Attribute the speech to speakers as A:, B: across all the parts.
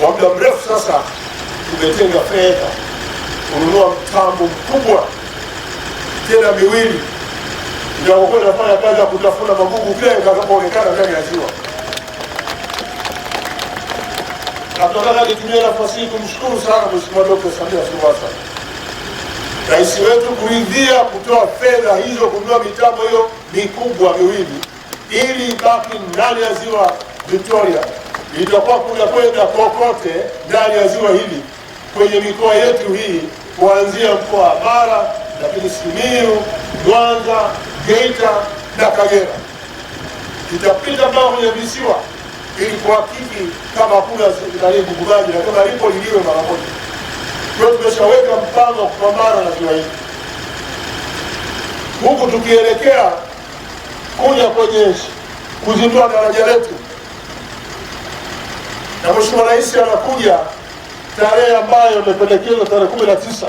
A: Kwa muda mrefu sasa tumetenga fedha kununua mtambo mkubwa tena miwili ndio nafanya kazi ya kutafuna magugu kila itakapoonekana ndani ya ziwa. Nataka nitumie nafasi hii kumshukuru sana Mheshimiwa Dkt. Samia Suluhu Hassan, rais wetu, kuridhia kutoa fedha hizo kununua mitambo hiyo mikubwa miwili ili baki ndani ya ziwa Victoria itakuwa kwenda kokote ndani ya ziwa hili kwenye mikoa yetu hii kuanzia mkoa wa Bara, lakini Simiyu, Mwanza, Geita na Kagera. Itapita mbao kwenye visiwa ili kuhakiki kama kuna ngugumaji na kama lipo liliwe mara moja. Kwa hiyo tumeshaweka mpango wa kupambana na ziwa hili, huku tukielekea kuja kwenye kuzindua daraja letu na Mheshimiwa Rais anakuja tarehe ambayo imependekezwa tarehe kumi na tisa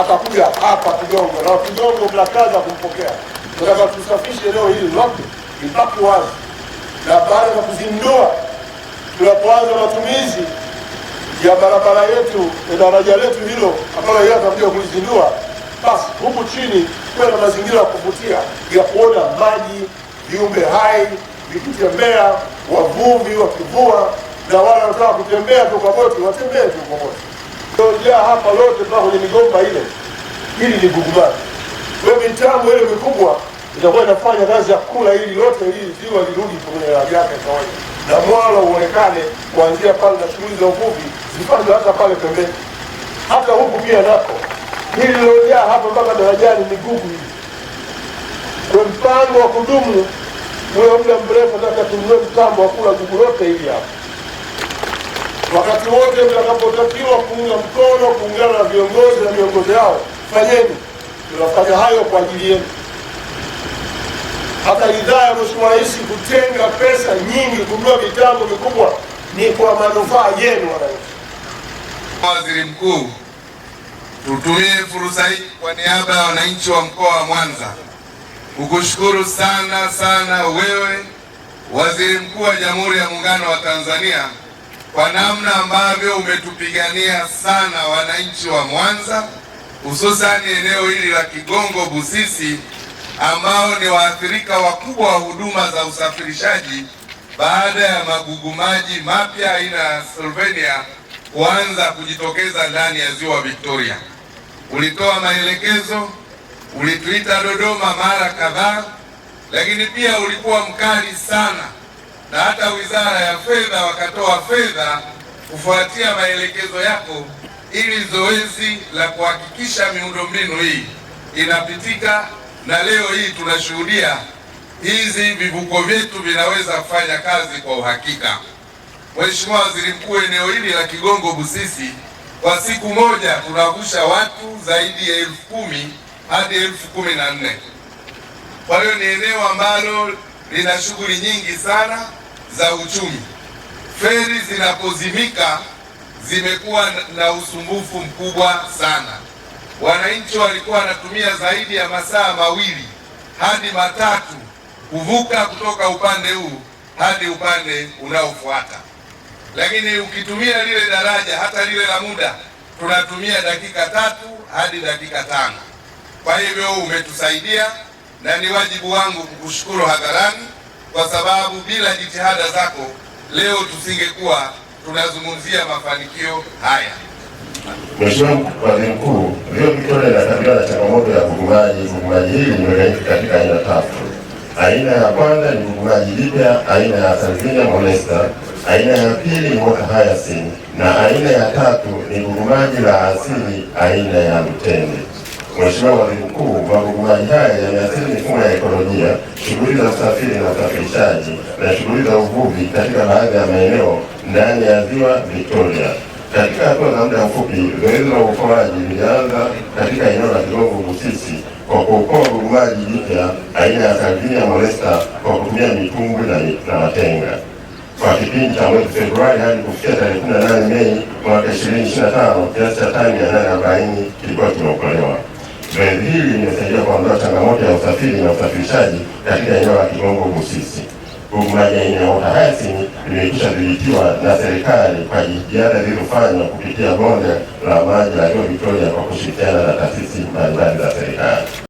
A: atakuja hapa Kigongo na Kigongo mnakaza kumpokea. Tunataka tusafishe eneo hili lote libaki wazi, na baada ya kuzindua, tunapoanza matumizi ya barabara yetu na daraja letu hilo ambalo yeye atakuja kulizindua, basi huku chini kuwe na mazingira ya kuvutia ya kuona maji, viumbe hai nikitembea, kutembea wavuvi wakivua, na wale wanataka kutembea tu kwa boti watembee tu kwa boti. Lojaa hapa lote mpaka kwenye migomba ile, hili ni Kwa hiyo mitambo ile mikubwa itakuwa inafanya kazi ya kula hili lote, hili ziwa lirudi kwenye rangi yake kawaida, na mwalo uonekane kuanzia pale, na shughuli za uvuvi zifanywe hata pale pembeni, hata huku pia nako hili lilojaa hapa mpaka darajani ni gugu hili. Kwa mpango wa kudumu huyo muda mrefu nataka tumie mtambo wa kula gugu lote hili hapa. Wakati wote mtakapotakiwa kuunga mkono, kuungana na viongozi na viongozi hao, fanyeni. Tunafanya hayo kwa ajili yenu. Hata ridhaa ya Mheshimiwa Rais kutenga pesa nyingi kununua mitambo mikubwa ni kwa manufaa yenu wananchi.
B: Waziri Mkuu, tutumie fursa hii kwa niaba ya wananchi wa mkoa wa Mwanza kukushukuru sana sana wewe Waziri Mkuu wa Jamhuri ya Muungano wa Tanzania kwa namna ambavyo umetupigania sana wananchi wa Mwanza, hususani eneo hili la Kigongo Busisi, ambao ni waathirika wakubwa wa huduma za usafirishaji baada ya magugu maji mapya aina ya Slovenia kuanza kujitokeza ndani ya Ziwa Victoria. Ulitoa maelekezo ulituita Dodoma mara kadhaa, lakini pia ulikuwa mkali sana, na hata wizara ya fedha wakatoa fedha kufuatia maelekezo yako, ili zoezi la kuhakikisha miundombinu hii inapitika, na leo hii tunashuhudia hizi vivuko vyetu vinaweza kufanya kazi kwa uhakika. Mheshimiwa Waziri Mkuu, eneo hili la Kigongo Busisi kwa siku moja tunavusha watu zaidi ya elfu kumi hadi elfu kumi na nne. Kwa hiyo ni eneo ambalo lina shughuli nyingi sana za uchumi. Feri zinapozimika zimekuwa na usumbufu mkubwa sana. Wananchi walikuwa wanatumia zaidi ya masaa mawili hadi matatu kuvuka kutoka upande huu hadi upande unaofuata, lakini ukitumia lile daraja hata lile la muda tunatumia dakika tatu hadi dakika tano. Kwa hivyo umetusaidia na ni wajibu wangu kukushukuru hadharani, kwa sababu bila jitihada zako leo tusingekuwa tunazungumzia mafanikio haya.
C: Mheshimiwa Waziri Mkuu, Ziwa Victoria inakabiliwa na changamoto ya vugumaji. Vugumaji hili limegawanyika katika aina tatu. Aina ya kwanza ni vugumaji jipya, aina ya Salvinia molesta, aina ya pili ni Water Hyacinth na aina ya tatu ni vugumaji la asili, aina ya mtende. Mheshimiwa Waziri Mkuu, magugumaji haya yameathiri mifumo ya ekolojia, shughuli za usafiri na usafirishaji na shughuli za uvuvi katika baadhi ya maeneo ndani ya ziwa Victoria. Katika hatua za muda mfupi, zoezi la uokoaji lilianza katika eneo la Kigongo Busisi kwa kuokoa gugumaji jipya aina ya Salvinia molesta kwa kutumia mitumbwi na matenga kwa kipindi cha mwezi Februari hadi kufikia tarehe 18 Mei mwaka 2025 kiasi cha tani 840 kilikuwa kimeokolewa. Zoezi hili limesaidia kuondoa changamoto ya usafiri na usafirishaji katika eneo la Kigongo Busisi, huku aina ya wota hyasinthi limekwisha dhibitiwa na serikali kwa jitihada zilizofanywa kupitia bonde la maji la Ziwa Victoria kwa kushirikiana na taasisi mbalimbali za serikali.